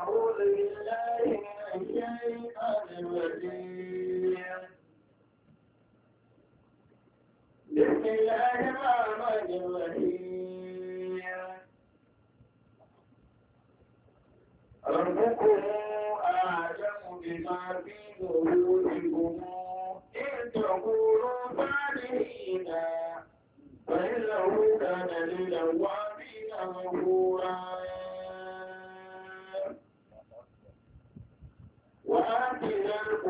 أعوذ بالله من الشيطان الرجيم بسم الله الرحمن الرحيم ربكم أعلم بما في نفوسكم إن تقولوا صالحين فإنه كان للأوابين غفورا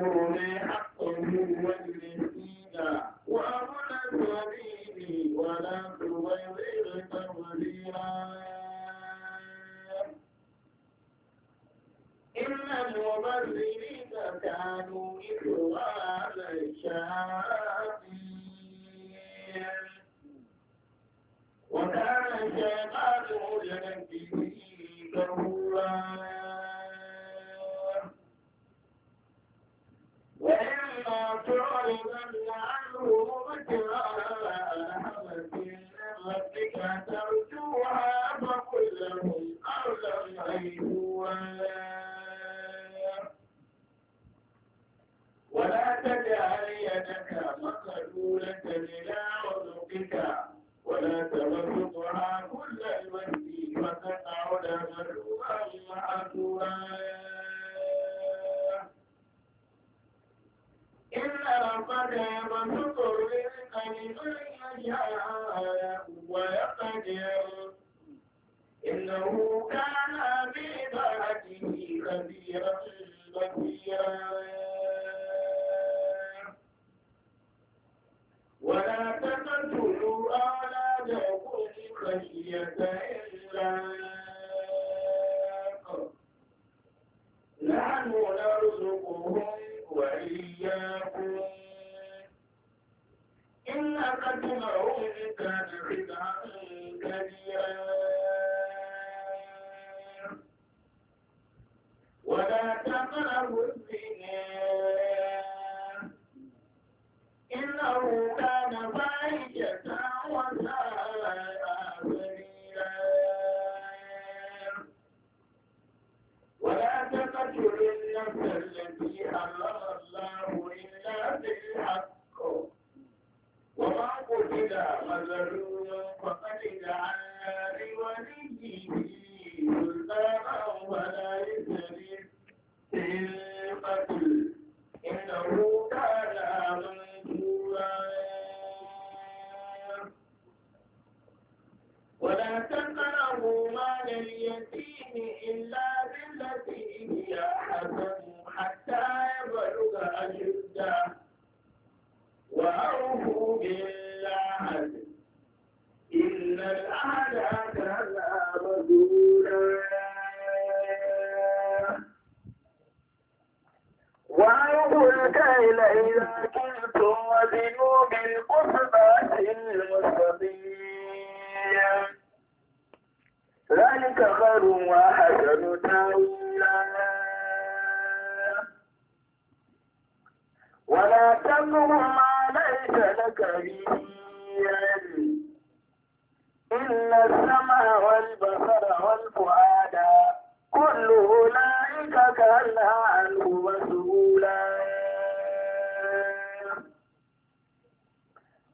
حق هو المسكين وأولى ولا تبذر تبذيرا إن المبذرين كانوا إخوان الشياطين وكان الشيطان يجري به إلى رزقك ولا تبسطها كل البسط فتقعد ملوما محسورا إلا قد يبسط الرزق لمن يشاء ويقدر إنه كان بعبادته خبيرا بصيرا تقتلوا أولادكم خشية إملاق تنهى عنه مسؤولا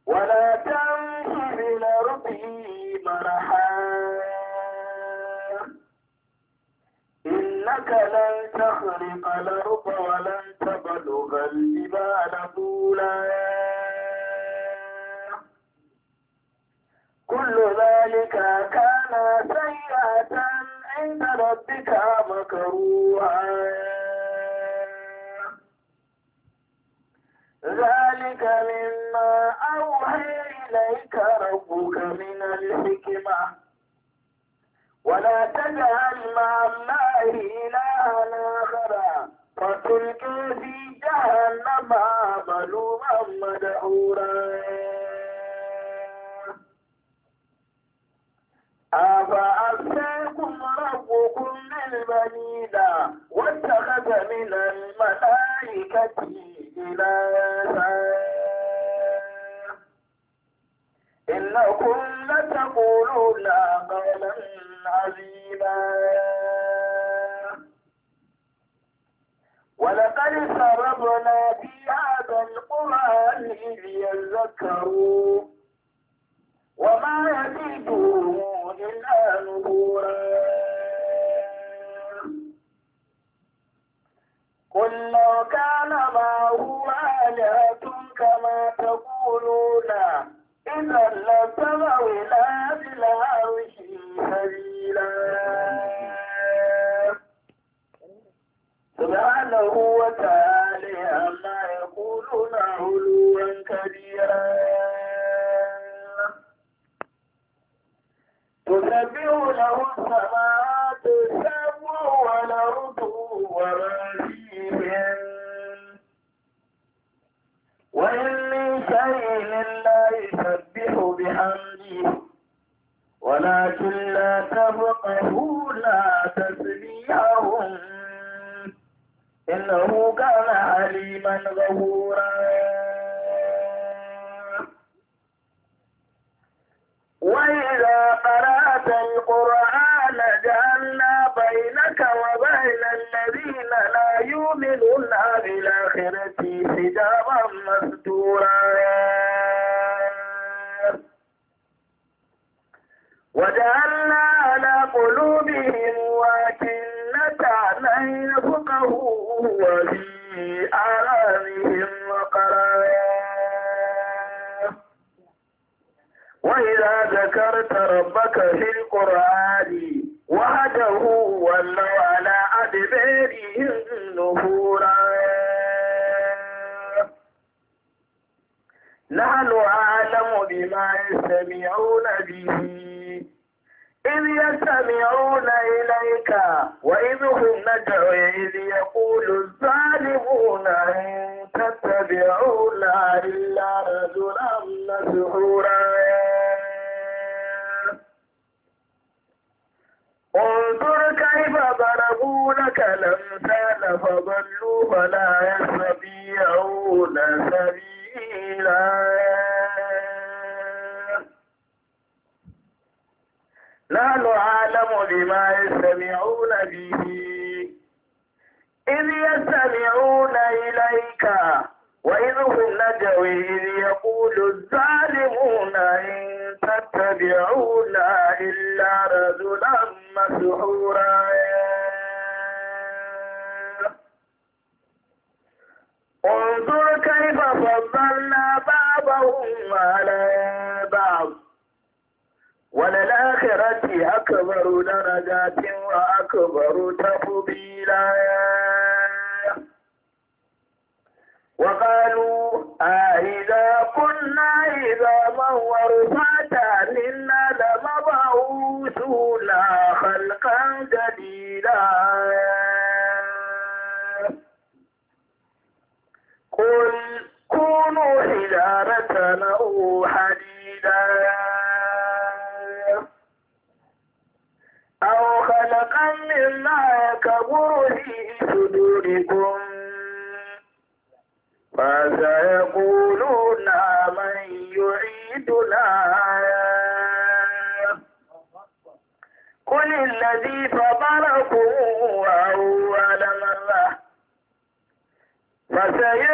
ولا تمشي في الأرض مرحا إنك لن تخرق الأرض ولن تبلغ الجبال طولا كل ذلك كان سيئة عند ربك مكروها ذلك مما أوحي إليك ربك من الحكمة ولا تجعل مع الله إلها آخر فتلقي في جهنم ملوما مدحورا أفأ تذكرون السماوات السبع والأرض وما فيهن وإن من شيء لا يسبح بحمده ولكن لا تفقهون تسبيحهم إنه كان عليما غفورا وجعلنا على قلوبهم وكلة أن يفقهوا وفي اعلامهم وقرا وإذا ذكرت ربك في القرآن وحده ولوا على أدبارهم نفورا نحن أعلم بما يستمعون به إذ يستمعون إليك وإذ هم ندعو إذ يقول الظالمون إن تتبعون إلا رجلا مسحورا انظر كيف ضربوا لك الأمثال فضلوا فلا يستطيعون سبيلا نحن أعلم بما يستمعون به إذ يستمعون إليك وإذ هم نجوي إذ يقول الظالمون إن تتبعون إلا رجلا مسحورا انظر فضلنا بعضهم على بعض وللآخرة أكبر درجات وأكبر تفضيلا وقالوا أإذا كنا عظاما ورفاتا إنا لمبعوثون خلقا جديدا قل فجعلت له حديدا أو خلقا مما كبر في صدوركم فسيقولون من يعيدنا قل الذي فطركم أول مرة فسيقولون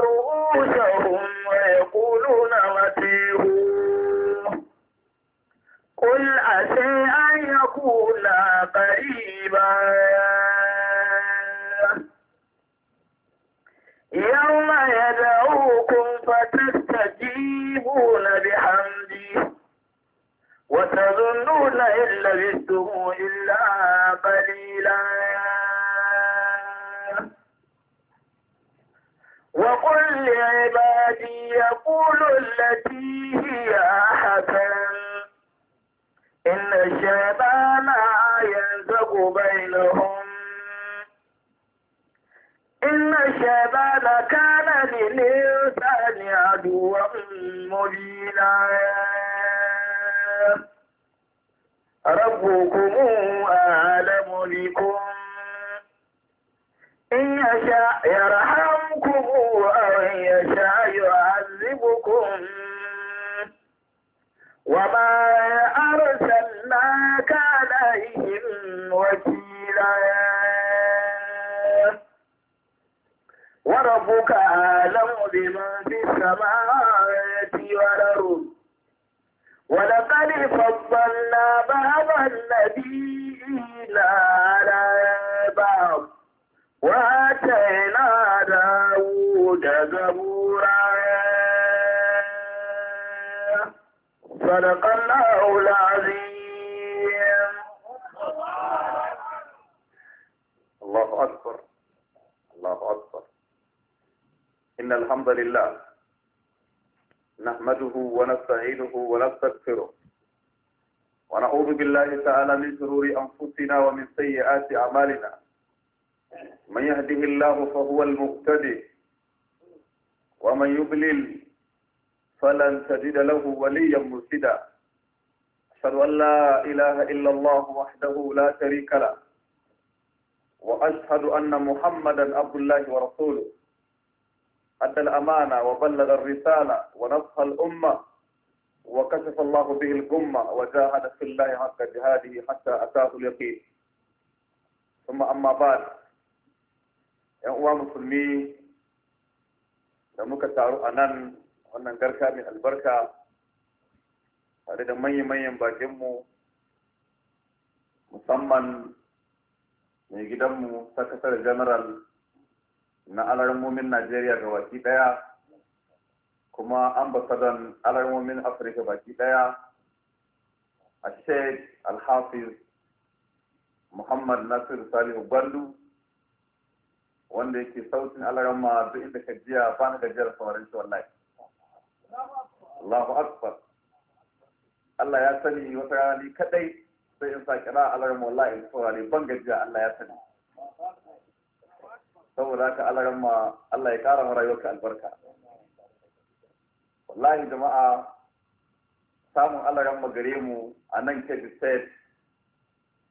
رؤوسهم ويقولون متيه قل عسى أن يكون قريبا يوم يدعوكم فتستجيبون بحمده وتظنون إن لبثتم إلا قليلا وقل لعبادي يقولوا التي هي أحسن إن الشيطان ينزغ بينهم إن الشيطان كان للإنسان عدوا مبينا ربكم أعلم بكم إن يشاء يرحم وما أرسلناك عليهم وكيلا وربك أعلم بما في السماوات والأرض ولقد فضلنا بعض النبيين على بعض صدق الله العظيم الله أكبر الله أكبر إن الحمد لله نحمده ونستعينه ونستغفره ونعوذ بالله تعالى من شرور أنفسنا ومن سيئات أعمالنا من يهده الله فهو المقتدي ومن يضلل فلن تجد له وليا مرشدا أشهد أن لا إله إلا الله وحده لا شريك له وأشهد أن محمدا عبد الله ورسوله أدى الأمانة وبلغ الرسالة ونصح الأمة وكشف الله به الغمة وجاهد في الله حق جهاده حتى أتاه اليقين ثم أما بعد يا أخوان المسلمين da muka wannan garka mai albarka tare da manya-manyan bakinmu musamman mai gidanmu sakasar general na alarmomin najeriya ga baki daya kuma ambasadan alarmomin afirka baki daya a sheikh alhafiz muhammad nasiru salihu gwandu wanda yake sautin alarama duk inda ka jiya ba na gajiyar sauran shi wallahi Allahu akbar Allah ya sani wata rana ni kadai sai in sa kira alaran wallahi in saurare ban gajiya Allah ya sani saboda haka alaran ma Allah ya kara mu rayuwarka albarka wallahi jama'a samun alaran ma gare mu a nan Kebbi State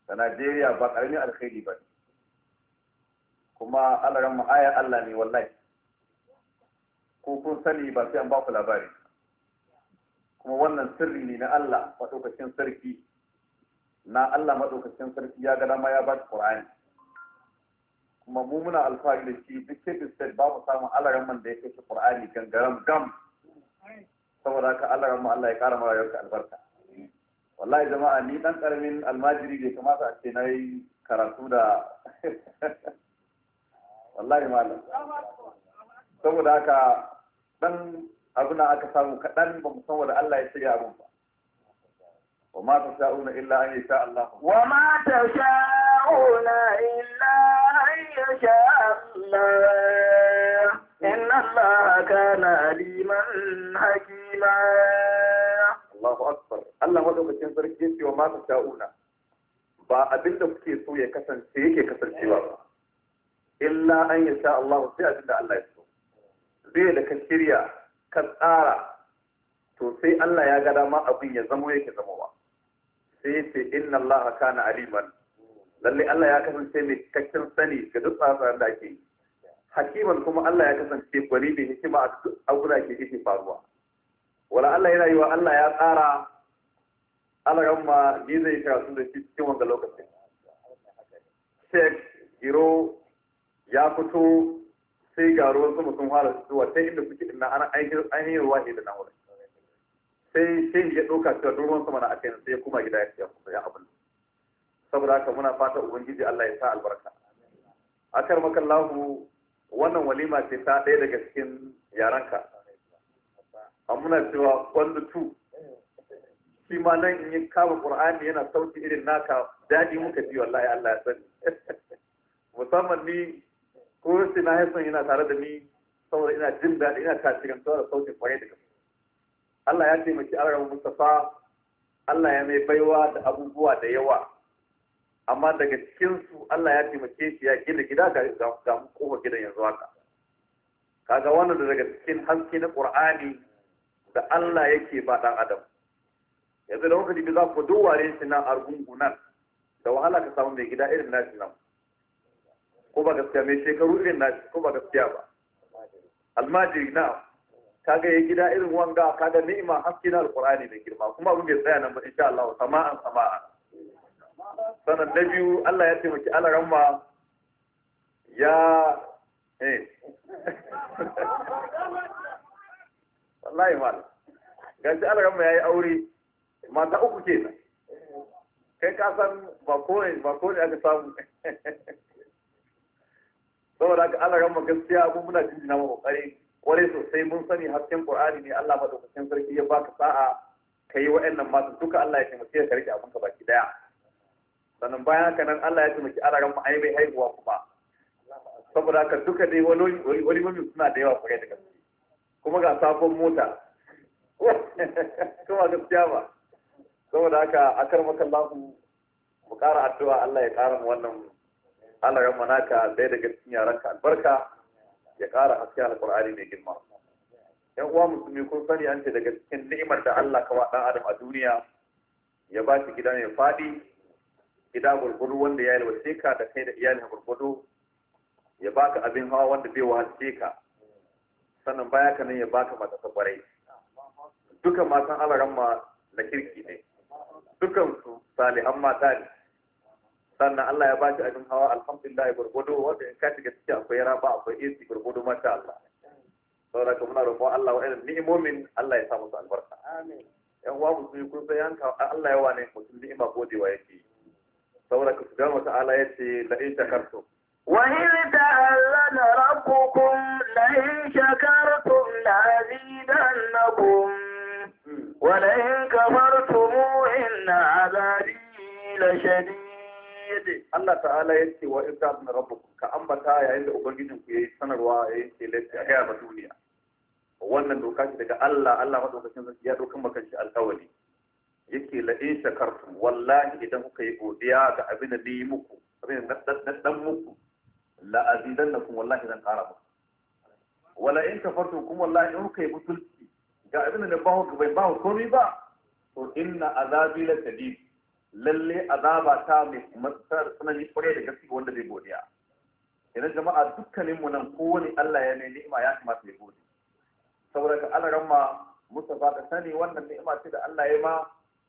da Najeriya ba karamin alkhairi ba kuma alaran mu ayar Allah ne wallahi ko kun sani ba sai an ba ku labari kuma wannan sirri ne na Allah maɗaukacin sarki na Allah maɗaukacin sarki ya gada ma ya ba Qur'ani kuma mu muna alfahari da shi duk da state ba mu samun alaran man da ya shi Qur'ani gangaram gam saboda ka alaran mu Allah ya kara mara yarka albarka wallahi jama'a ni dan karamin almajiri da kamata a ce nayi karatu da wallahi malam saboda haka dan abin aka samu kaɗan ba mu san wanda Allah ya shirya abin ba wa ma ta sha'una illa an yasha Allah wa ma ta sha'una illa an yasha Allah inna Allah na liman hakima Allahu akbar Allah madaukakin sarki ya ce wa ma ta sha'una ba abinda kuke so ya kasance yake kasancewa ba illa an sha Allah sai abinda Allah ya so zai da ka shirya ka tsara to sai Allah ya ga dama abin ya zamo yake zamowa sai ya ce inna Allah kana aliman lalle Allah ya kasance mai cikakken sani ga duk tsare da ake hakiman kuma Allah ya kasance gwani da hikima a ke yake faruwa wala Allah yana yi wa Allah ya tsara alaran ma ni zai karatu da shi cikin wanda lokacin sai Giro ya fito sai ga ruwan sama sun fara zuwa sai inda suke ina ana ainihin ruwa ne da na sai sai ya ɗauka cewa ruwan sama na aka yi sai ya kuma gida ya ce ya abin saboda haka muna fata ubangiji Allah ya sa albarka akar makallahu wannan walima ce ta ɗaya daga cikin yaranka muna cewa kwanzu tu shi ma nan in yi kama qur'ani yana sauti irin naka daɗi muka ji wallahi Allah ya sani musamman ni ko sai na son yana tare da ni saboda ina jin daɗi ina tasirantuwa da sautin kwaye da Allah ya taimaki Arabu Mustafa Allah ya mai baiwa da abubuwa da yawa amma daga cikinsu Allah ya taimake shi ya gina gida ga mu kofa gidan yanzu haka kaga wannan da daga cikin haske na Qur'ani da Allah yake ba dan adam yanzu da kuka dibi za ku duware shi nan argungu nan da wahala ka samu mai gida irin nashi nan ko ba gaskiya mai shekaru irin na ko ba gaskiya ba almajiri na kaga ya gida irin wanga kaga ni'ima haske na alqur'ani mai girma kuma abin bai tsaya nan ba insha Allah sama'an samaa sanan na biyu Allah ya taimaki ramma ya eh wallahi mal gaji ya yayi aure mata uku kenan kai ka san ba ko ba ko ne aka samu saboda haka Allah gama gaskiya mu muna jinjina mu kokari kwarai sosai mun sani hasken Qur'ani ne Allah madaukakin sarki ya baka sa'a kai wa'annan masu duka Allah ya taimake ka rike abin ka baki daya sannan bayan haka nan Allah ya taimaki Allah gama ai bai haihuwa kuma saboda haka duka dai wani wani mami suna da yawa kwarai da gaske kuma ga sabon mota kuma gaskiya ba saboda haka akar makallahu mu ƙara addu'a Allah ya ƙara mu wannan Allah ya manaka da daga cikin yaranka albarka ya ƙara haske alƙur'ani mai girma yan uwa musulmi kun sani an ce daga cikin ni'imar da Allah kawa ɗan adam a duniya ya ba shi gida mai faɗi gida gurgudu wanda ya yi wasiƙa da kai da iyalin gurgudu ya baka abin hawa wanda bai wahalce ka sannan baya ka nan ya baka mata kwarai dukan matan alaran ma na kirki ne dukan su salihan mata ne sannan Allah ya baki abin hawa alhamdulillah gurgudu wanda in ka shiga ciki akwai raba akwai AC gurgudu masha Allah saboda kuma na roƙon Allah wa irin ni'imomin Allah ya sa musu albarka amin yan uwa musulmi kun sai yanka Allah ya wane mutum ni'ima godewa yake saboda ku subhanahu Allah ya yace la in shakartu. wa in ta'allana rabbukum la in shakartum la zidannakum hmm. wa la in kafartum inna azabi la shadid yace Allah ta'ala yace wa in ta'zna rabbukum ka ambata yayin da ubangijin ku ya yi sanarwa ya yayin ce lafi a ba duniya wannan doka ce daga Allah Allah madaukakin sarki ya dokan maka shi alƙawari yake la in shakartum wallahi idan kuka yi godiya ga abin da ni muku abin da dan muku la azidannakum wallahi zan ƙara muku wala in kafartum kuma wallahi in kuka yi butulci ga abin da ba ku bai ba ku komai ba to inna azabi la shadid lalle azaba ta mai tsanani kwarai da gaske wanda zai godiya idan jama'a dukkaninmu nan kowane Allah ya mai ni'ima ya kamata ya gode saboda ka alaran ma Mustafa ka sani wannan ni'ima ce da Allah ya ma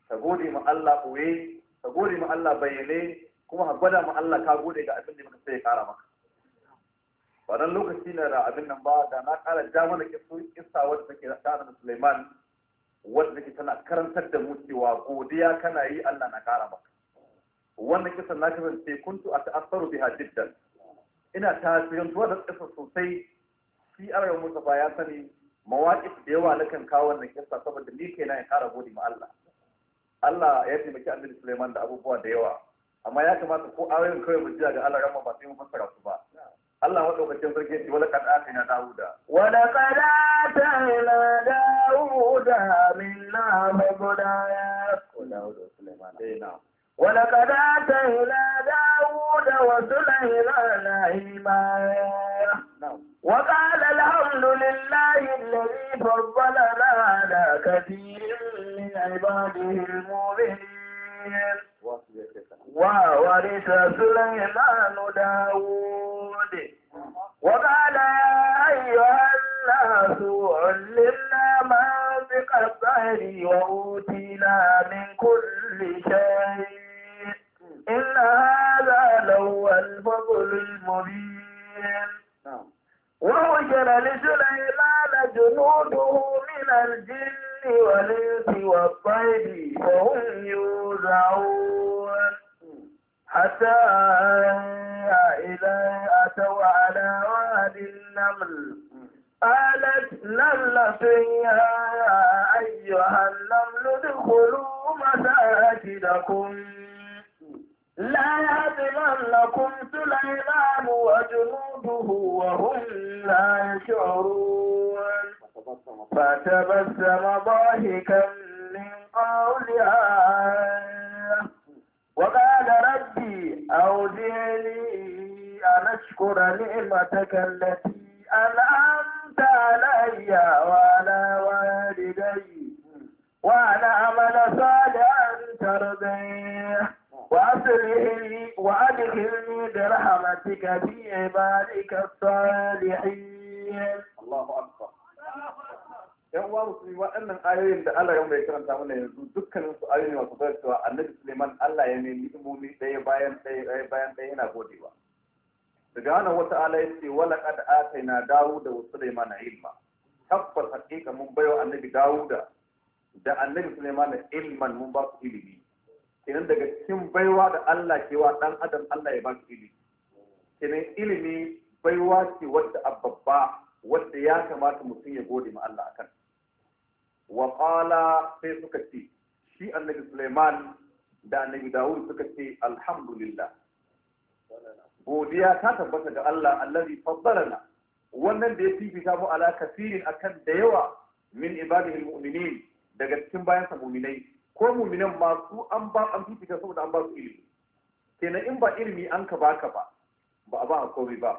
ka gode ma Allah koye ka gode ma Allah bayyane kuma ka gwada ma Allah ka gode ga abin da muka sai ya kara maka wannan lokaci na da abin nan ba da na kara ja mana kisa wadda take da Suleiman wanda take tana karantar da mu cewa godiya kana yi Allah na kara maka wannan kisan na kasance kuntu a ta'assaru biha jiddan ina zuwa da kisa sosai shi arawa Mustafa ya sani mawaƙif da yawa na kan kawo wannan kisa saboda ni na ya kara godi ma Allah Allah ya taimaki Annabi Sulaiman da abubuwa da yawa amma ya kamata ko ayoyin kawai mu jira ga Allah ramma ba sai mu fassara su ba Allah maɗaukacin sarki ce wala kad na Dawuda. Wala kad na Dawuda minna mabda ya Dawuda Sulaiman. Eh, wala kad atina Dawuda wa Sulaiman hima. وقال الحمد لله الذي فضلنا على كثير من عباده المؤمنين وورث سليمان داود بحمده وقال يا أيها الناس علمنا منطق الظهر وأوتينا من كل شيء إن هذا لهو الفضل المبين نعم. وهجر لسليمان جنوده من الجن والإنس والطير فهم يوزعون نعم. حتى إذا النمل قالت نملة يا أيها النمل ادخلوا مساجدكم لا يهدمنكم سليمان وجنوده وهم لا يشعرون فتبسم ضاحكا من قولها وقال ربي أوزعني أشكر نعمتك التي أنعمت علي وعلى والدي وعلى أعمل صالحا ترضيه وأصلح وأدخلني برحمتك في عبادك الصالحين الله أكبر yan uwa musulmi waɗannan ayoyin da Allah ya mai karanta mana yanzu dukkanin su ayoyin masu bayar annabi Suleiman Allah ya nemi imomi ɗaya bayan ɗaya bayan ɗaya yana godewa subhanahu wata'ala yace wala qad ataina dawuda wa sulaymana ilma tabbas hakika mun bayo annabi dawuda da annabi sulaymana ilman mun ba su ilimi kenan daga cikin baiwa da Allah ke wa dan adam Allah ya ba su ilimi kenan ilimi baiwa ce wadda ababba wadda ya kamata mutum ya gode ma Allah akan wa qala sai suka ce shi annabi Sulaiman da annabi Dawud suka ce alhamdulillah godiya ta tabbata ga Allah allazi faddalana wannan da ya fifita mu ala kasirin akan da yawa min ibadihi almu'minin daga cikin bayan sa mu'minai ko mu'minan ma su an ba an fifita saboda an ba su ilimi kenan in ba ilimi an ka baka ba ba a ba komai ba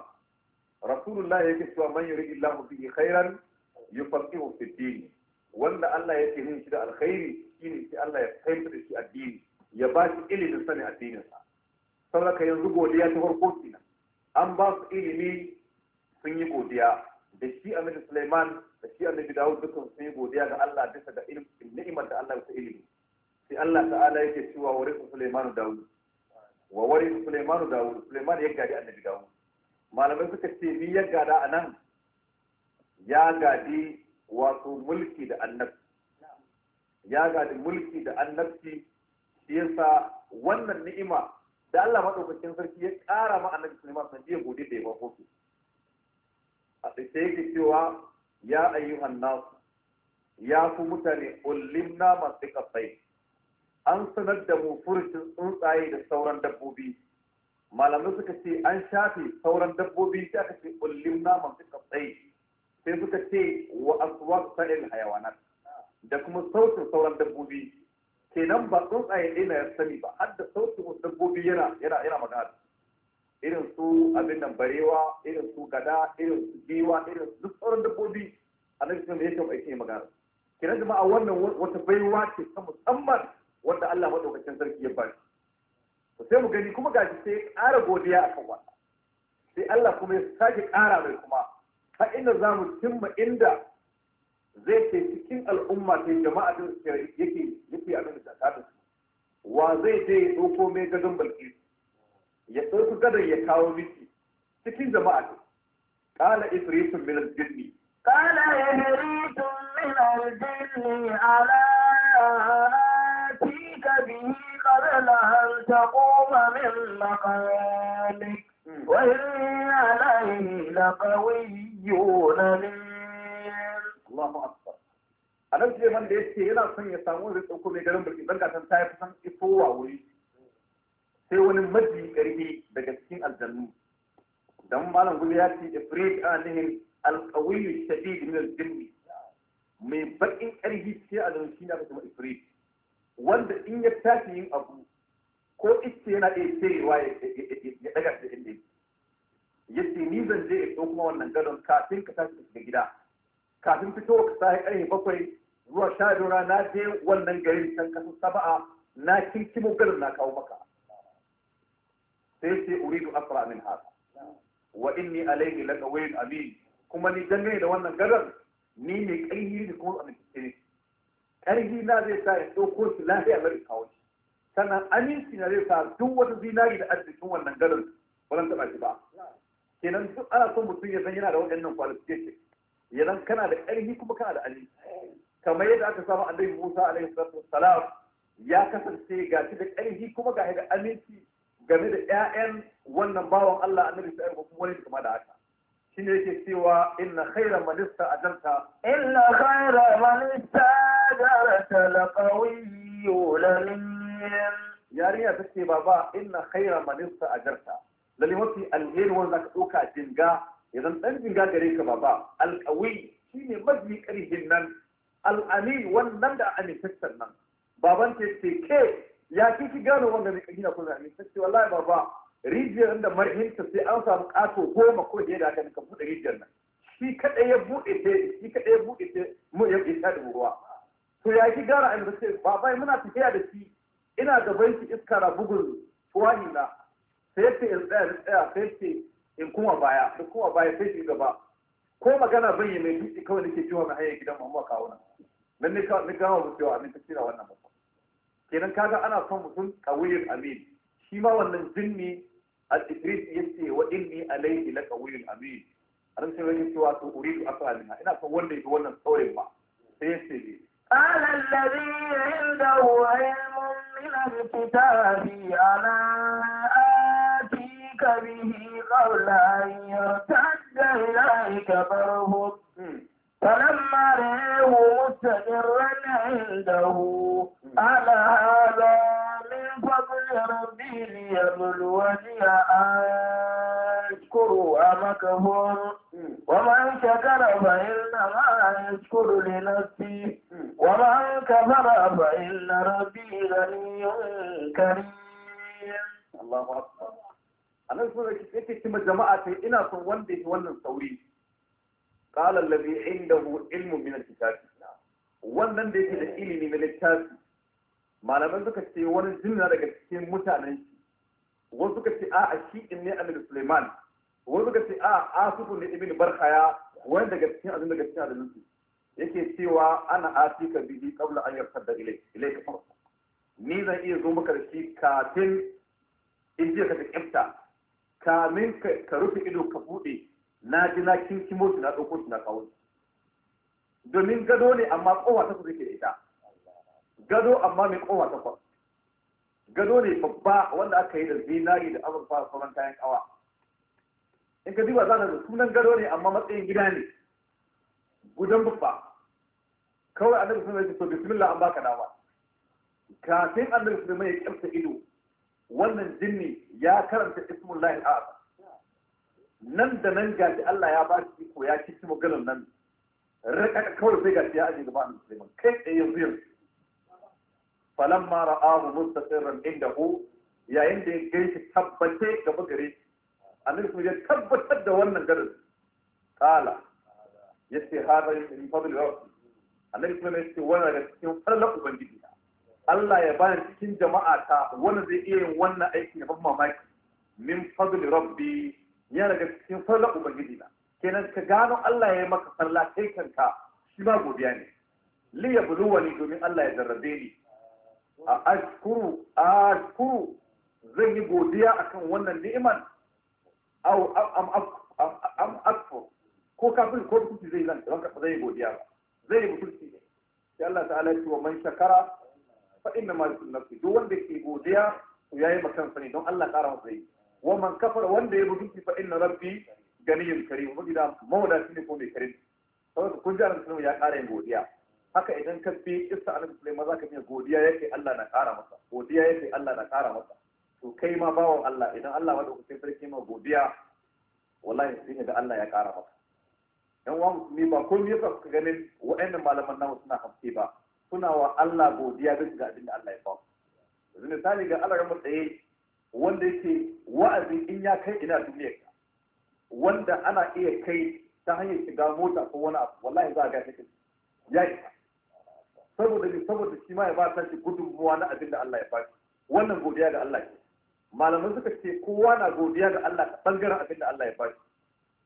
rasulullahi yake cewa man yuridillahu bihi khairan yufaqihu fi din wanda Allah ya ce shi da alkhairi shine sai Allah ya fahimta da shi addini ya ba shi ilimin sani addinin sa saboda yanzu godiya ta farko kenan an ba su ilimi sun yi godiya da shi annabi Sulaiman da shi annabi Dawud dukkan sun yi godiya ga Allah bisa ga ilimin ni'imar da Allah ya ilimi sai Allah ta'ala yake cewa wa rifu Sulaiman Dawud wa warifu Sulaiman Dawud Sulaiman ya gadi annabi Dawud malamai suka ce ni ya gada a nan ya gadi wato mulki da annabi ya gadi mulki da annabci shi yasa wannan ni'ima da Allah madaukakin sarki ya ƙara ma annabi Sulaiman san jiya gode da yawan hoto a tsaye yake cewa ya ayyuhan nas ya ku mutane ullimna masu kafai an sanar da mu furucin tsuntsaye da sauran dabbobi malamai suka ce an shafe sauran dabbobi sai aka ce ullimna masu kafai sai suka ce wa aswaq sa'il hayawanat da kuma sautin sauran dabbobi nan ba tsuntsaye ne na sani ba har da sautin wasu dabbobi yana yana yana magana irin su abin nan barewa irin su gada irin su giwa irin su duk sauran dabbobi A annabi sun yake mai yake magana kenan jama'a wannan wata baiwa ce ta musamman wanda Allah madaukakin sarki ya ba shi to sai mu gani kuma ga shi sai ƙara godiya akan wannan sai Allah kuma ya sake ƙara mai kuma ka inda zamu cimma inda zai ce cikin al'umma ta jama'a da yake yake abin da ta su wa zai je ya ɗauko mai gadon balki ya ɗauko gadon ya kawo miki cikin jama'a ta qala ifritun min al-jinni qala ifritun min al-jinni ala atika bihi qabla an taquma min maqamik wa inni alayhi laqawiyyun min nan Suleiman da ya ce yana son ya samu wani tsauko mai garin Bilkis zanga san ta yi ifo wa wuri sai wani maji ƙarfi daga cikin aljannu dan malam gudu ya ce ifrit anihin alqawiyyu shadid min al mai bakin ƙarfi ce a nan shi ne aka kuma ifrit wanda in ya tashi yin abu ko ita yana iya cewa ya daga da inda ya ce ni zan je ya ɗauko wannan gadon kafin ka tashi daga gida kafin fito ka sa ƙarfe bakwai zuwa sha biyu na je wannan garin can kasar saba'a na kinkimo garin na kawo maka sai sai uridu asra min haka wa inni alaihi laqawiyun amin kuma ni dangane da wannan garin ni ne ƙarfi da kuma amince ƙarfi na zai sa ya ɗauko shi lafiya bari kawo shi sannan aminci na zai sa duk wata zinari da arzikin wannan garin ba zan taɓa shi ba kenan duk ana son mutum ya san yana da waɗannan kwalifikashin ya zan kana da ƙarfi kuma kana da aminci kamar yadda aka samu annabi Musa alaihi salatu wassalam ya kasance ga shi da ƙarfi kuma ga da aminci game da ƴaƴan wannan bawan Allah annabi sai ko kuma wani kuma da haka shine yake cewa inna khayra man ista'jarta inna khayra man ista'jarta laqawiyyun yarinya ta baba inna khayra man ista'jarta lalle mafi alheri wanda ka ɗauka jinga idan ɗan jinga gare ka baba alƙawi shine mafi ƙarfin nan al'ani wannan da amintaccen nan baban teke ke ya fi fi gano wanda mai gina ko zami sai wallahi baba rijiyar da marhinta sai an samu kato goma ko da haka ka bude rijiyar nan shi kadai ya bude ta shi kadai ya bude ta mu ya isa da ruwa to ya fi gano an sai baba muna tafiya da shi ina da shi iska na bugun tuwani na sai ce in tsaya in tsaya sai ce in kuma baya in kuma baya sai shi gaba ko magana bai yi mai dutse kawai nake ciwon na hanyar gidan mamuwa kawo nan nan ne ka gawa su cewa amin ta kira wannan mutum kenan kaga ana son mutum qawiyyul amin shi ma wannan jinni al-idris yace wa inni alayhi la qawiyyul amin an sai wani cewa to uridu asalina ina son wanda yake wannan saurin ba sai yace ne قال الذي عنده علم من الكتاب أنا آتيك به قبل أن يرتد إليك فرهب فلما رأيه مستقرا عنده على هذا من فضل ربي ليبلوني أشكر أم أكفر ومن شكر فإنما يشكر لنفسي ومن كفر فإن ربي غني كريم الله أكبر أنا أقول لك إنك جماعة إنا صوّن به ونن صوري qala allazi indahu ilmu min alkitab wannan da yake da ilimi na littafi malaman suka ce wani jinna daga cikin mutanen shi wasu suka ce a shi in ne a amir suleiman wasu suka ce a'a asufu ne ibn barkaya wani daga cikin azin daga cikin azin su yake cewa ana atika bihi qabla an yartadda ilayka ilayka farko ni zan iya zo maka da shi kafin in je ka ta kamin ka rufe ido ka bude na ji na kinkimo su na ɗauko su na kawo domin gado ne amma kowa ta suke ita gado amma mai kowa takwas gado ne babba wanda aka yi da zinari da azurfa da sauran kayan kawa in ka duba za da sunan gado ne amma matsayin gida ne gudan babba kawai annabi daga zai so bismillah an baka dama kafin annabi suna mai kyamta ido wannan jinni ya karanta ismullahi al'azam nan da nan shi Allah ya ba shi iko ya kici maganar nan raka kawai sai shi ya aje gaba annabi Sulaiman kai tsaye yanzu yanzu falamma ra'ahu mustaqirran indahu yayin da ya gaishe tabbace gaba gare shi annabi kuma ya tabbatar da wannan garin kala ya ce hada min fadli rabbi annabi kuma ya ce wannan daga cikin farlan ubangiji Allah ya bani cikin jama'a ta wanda zai iya yin wannan aiki na ban mamaki min fadli rabbi ya daga cikin farla ubangiji na kenan ka gano Allah ya yi maka farla kai kanka shi ma godiya ne li ya buluwani domin Allah ya jarrabe ni a ashkuru ashkuru zan yi godiya akan wannan ni'iman aw am am ko kafin ko kuci zai nan ranka zai godiya ba zai mutunci ne sai Allah ta'ala ya ce wa man shakara fa inna ma yusnatu duk wanda ke godiya to yayi makan sani don Allah kara masa yi wa man kafara wanda ya bugunci fa inna rabbi ganiyun karim mu gida mawada shi ne ko mai karim saboda kun ji annabi ya ƙara yin godiya haka idan ka fi kissa annabi Sulaiman zaka fi godiya yake Allah na ƙara masa godiya yake Allah na ƙara masa to kai ma bawon Allah idan Allah madaukakin sarki ma godiya wallahi sai da Allah ya ƙara masa yan uwa musulmi ba kun yi ka ganin waɗannan malaman namu suna hamsi ba suna wa Allah godiya bisa ga abin da Allah ya ba yanzu misali ga Allah ya tsaye wanda yake wa'azi in ya kai ina duniyar ka wanda ana iya kai ta hanyar shiga mota ko wani abu wallahi za a ga kai. ya yi saboda ni saboda shi ma ya ba ta shi gudunmuwa na abin da Allah ya faɗi wannan godiya ga Allah ke malaman suka ce kowa na godiya ga Allah ta bangaren abin da Allah ya faɗi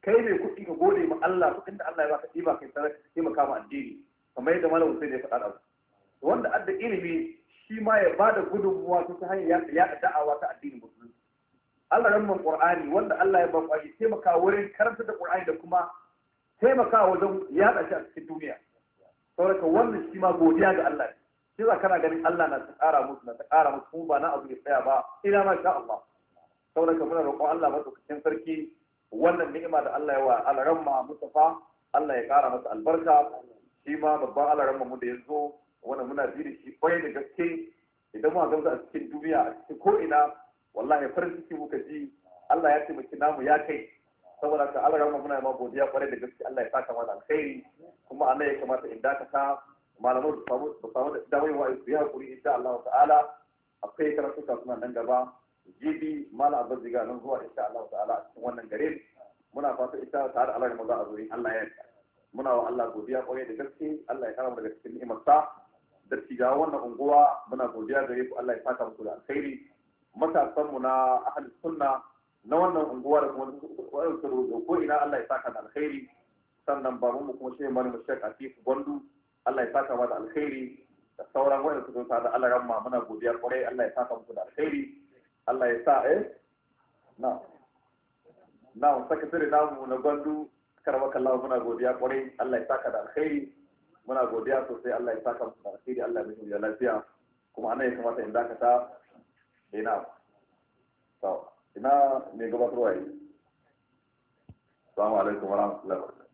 kai ne kuɗi ka gode ma Allah kuɗin da Allah ya baka ɗiba kai sanar ka taimaka ma addini kamar yadda malam da ya faɗa da wanda adda ilimi shi ma ya ba da gudunmuwa ta hanyar yaɗa da'awa ta addinin musulunci Allah ramman Qur'ani wanda Allah ya ba aiki taimaka wurin karanta da Qur'ani da kuma taimaka wajen yaɗa shi a cikin duniya sauraka wannan shi ma godiya ga Allah ne shi za kana ganin Allah na ta ƙara musu na ta ƙara musu kuma ba na abu ya tsaya ba ina ma sha Allah sauraka muna roƙon Allah madaukakin sarki wannan ni'ima da Allah ya wa alaramma Mustafa Allah ya ƙara masa albarka shi ma babban alaramma mu da ya zo. wannan muna ji da shi kwaye da gaske idan muka gamsu a cikin duniya a cikin ko'ina wallahi farin ciki muka ji Allah ya taimaki namu ya kai saboda ka Allah rahama muna ma godiya kwarai da gaske Allah ya saka mana alkhairi kuma Allah ya kamata in dakata malamai da samu da samu da wai su ya hakuri insha Allah ta'ala akwai karatu ka suna nan gaba jibi mala abin ziga nan zuwa insha Allah ta'ala a cikin wannan gare muna fata ita ta har Allah ya maza a zuri Allah ya muna wa Allah godiya kwarai da gaske Allah ya kama daga cikin ni'imar sa dattiga wannan unguwa muna godiya gare ku Allah ya fata muku da alkhairi matasan mu na ahli sunna na wannan unguwa da kuma wannan suru ko ina Allah ya fata da alkhairi sannan baban mu kuma shehu malamin Sheikh Atifu Gwandu Allah ya fata ma da alkhairi da sauran wanda suka sa da Allah ramma muna godiya kwarai Allah ya fata muku da alkhairi Allah ya sa eh na na sakatare namu na Gwandu karwa kallawa muna godiya kwarai Allah ya saka da alkhairi muna godiya sosai Allah ya saka mu alheri Allah ya musu lafiya kuma ana ya kamata in ta ina eh, to ina ne gaba yi assalamu alaikum warahmatullahi wabarakatuh